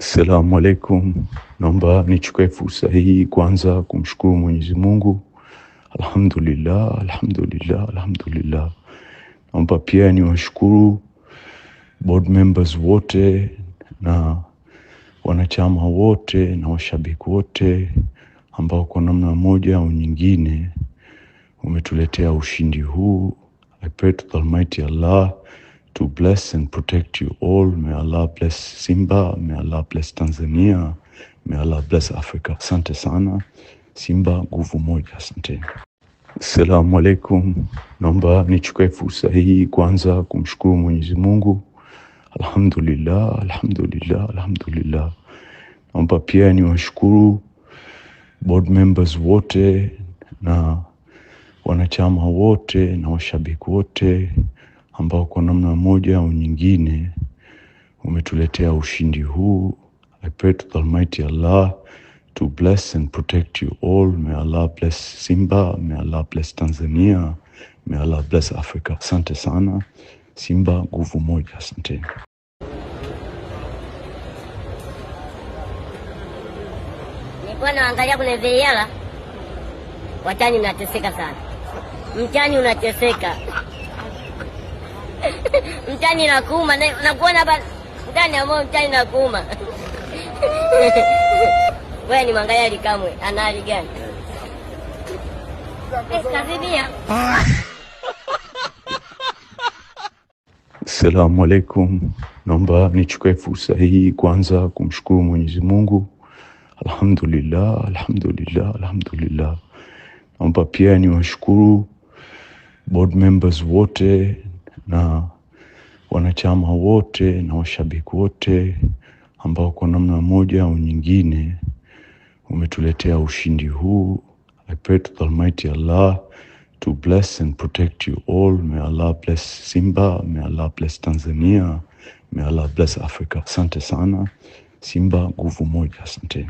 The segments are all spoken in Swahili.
Assalamu alaikum, naomba nichukue fursa hii kwanza kumshukuru Mwenyezi Mungu. Alhamdulillah, alhamdulillah, alhamdulillah. Naomba pia niwashukuru board members wote na wanachama wote na washabiki wote ambao kwa namna moja au nyingine umetuletea ushindi huu. I pray to Almighty Allah to bless and protect you all. May Allah bless Simba, may Allah bless Tanzania, may Allah bless Africa. Asante sana. Simba nguvu moja, Sante. Assalamu alaikum. Naomba nichukue fursa hii kwanza kumshukuru Mwenyezi Mungu, alhamdulillah, alhamdulillah, alhamdulillah. Naomba pia niwashukuru board members wote na wanachama wote na washabiki wote ambao kwa namna moja au nyingine umetuletea ushindi huu. I pray to the Almighty Allah to bless and protect you all. May Allah bless Simba. May Allah bless Tanzania. May Allah bless Africa. Asante sana. Simba nguvu moja. Asanteni. Nilikuwa naangalia kwenye VAR, watani mnateseka sana, mtani unateseka mtani na kuuma nakuona hapa mtani ambao mtani na kuuma wewe ni mwangalia likamwe Kamwe ana hali gani? Eh, Kazimia. Assalamu alaikum, naomba nichukue fursa hii kwanza kumshukuru Mwenyezi Mungu, alhamdulillah, alhamdulillah, alhamdulillah. Naomba pia niwashukuru board members wote na wanachama wote na washabiki wote ambao kwa namna moja au nyingine umetuletea ushindi huu. I pray to the Almighty Allah to bless and protect you all. May Allah bless Simba, may Allah bless Tanzania, may Allah bless Africa. Asante sana. Simba nguvu moja, asante.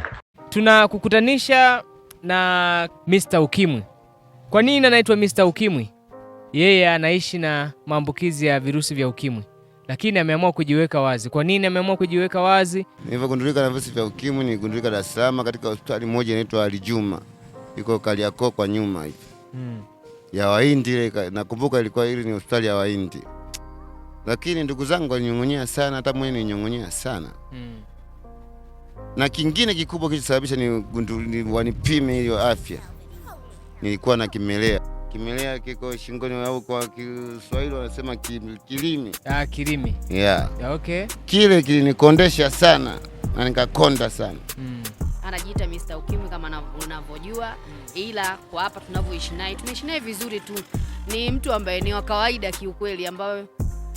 Tunakukutanisha na Mr. Ukimwi. Kwa nini anaitwa Mr. Ukimwi? yeye anaishi na maambukizi ya virusi vya ukimwi, lakini ameamua kujiweka wazi. Kwa nini ameamua kujiweka wazi? Nilivyogundulika na virusi vya ukimwi niligundulika Dar es Salaam katika hospitali moja inaitwa Alijuma, iko Kariakoo kwa nyuma hivi hmm. ya Wahindi ile, nakumbuka ilikuwa ile ni hospitali ya Wahindi, lakini ndugu zangu walinyong'onyea sana, hata mwenye ninyong'onyea sana hmm. na kingine kikubwa kilichosababisha ni wanipime hiyo afya, nilikuwa na kimelea Kimelea kiko shingoni au kwa Kiswahili wanasema kilimi. Ah, kilimi. Yeah. Yeah, okay. Kile kilinikondesha sana na nikakonda sana mm. Anajiita Mr. Ukimwi kama unavyojua, mm. ila kwa hapa tunavyoishi naye tumeishi naye vizuri tu. Ni mtu ambaye ni wa kawaida kiukweli, ambayo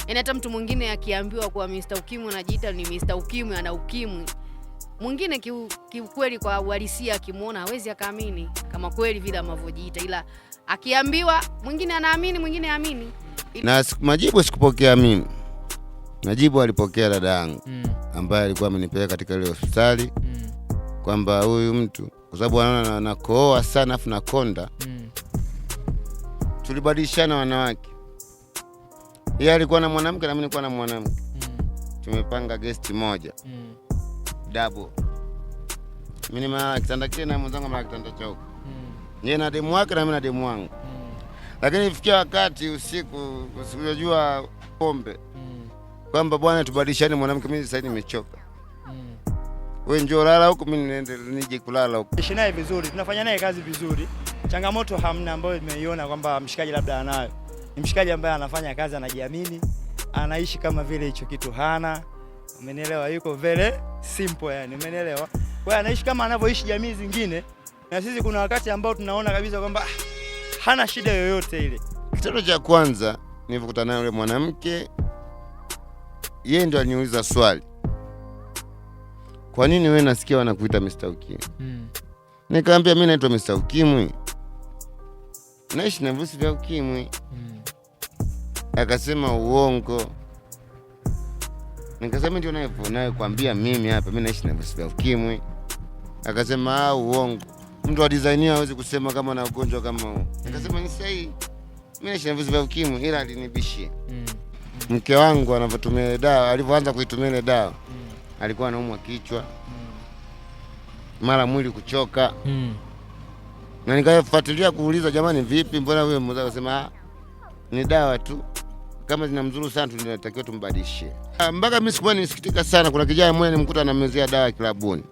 yaani hata mtu mwingine akiambiwa kuwa Mr. Ukimwi anajiita ni Mr. Ukimwi, ana ukimwi mwingine kiukweli, kwa uhalisia akimwona hawezi akaamini kama kweli vile amavyojiita, ila akiambiwa, mwingine anaamini, mwingine aamini. Na majibu sikupokea mimi, majibu alipokea dada yangu mm. ambaye alikuwa amenipeleka katika ile hospitali mm. kwamba huyu mtu kwa sababu anaona nakooa sana afu nakonda mm. tulibadilishana wanawake, yeye alikuwa na mwanamke na mimi nilikuwa na mwanamke mm. tumepanga gesti moja mm dabo. Mimi nimelala kitanda kile na mwenzangu amelala kitanda cha huko. Hmm. Yeye na demu wake na mimi na demu wangu. Hmm. Lakini ifikia wakati usiku, usijua pombe. Hmm. Kwamba bwana, tubadilishane mwanamke, mimi sasa nimechoka. Wewe njoo lala huko, mimi niende nije kulala huko. Ishi naye vizuri, tunafanya naye kazi vizuri. Changamoto hamna ambayo nimeiona kwamba mshikaji labda anayo. Ni mshikaji ambaye anafanya kazi, anajiamini, anaishi kama vile hicho kitu hana. Umenielewa? Yuko vele simple yani, umenielewa? Kwa hiyo anaishi kama anavyoishi jamii zingine, na sisi kuna wakati ambao tunaona kabisa kwamba ah, hana shida yoyote ile. Kitendo cha kwanza nilivyokutana naye yule mwanamke, yeye ndo aliniuliza swali, kwa nini wewe nasikia wanakuita Mr. Ukimwi? Mm. Nikamwambia mimi naitwa Mr. Ukimwi, naishi na virusi vya ukimwi. Mm. Akasema uongo Nikasema ndio nayekwambia mimi hapa, mimi naishi na virusi vya ukimwi. Akasema ah, uongo, mtu wa design hawezi kusema kama na ugonjwa kama huu. Nikasema mm. ni sahihi, mimi naishi na virusi vya ukimwi, ila alinibishia mm. mm. mke wangu anavyotumia ile dawa, alivyoanza kuitumia ile dawa alikuwa anaumwa kichwa mara mwili kuchoka mm. na nikafuatilia kuuliza, jamani, vipi, mbona huyo mmoja akasema ni dawa tu kama zina mzuru sana, tunatakiwa tumbadilishe. Ah, mpaka mimi sikuwa nisikitika sana, kuna kijana mmoja nimkuta anamezea dawa kilabuni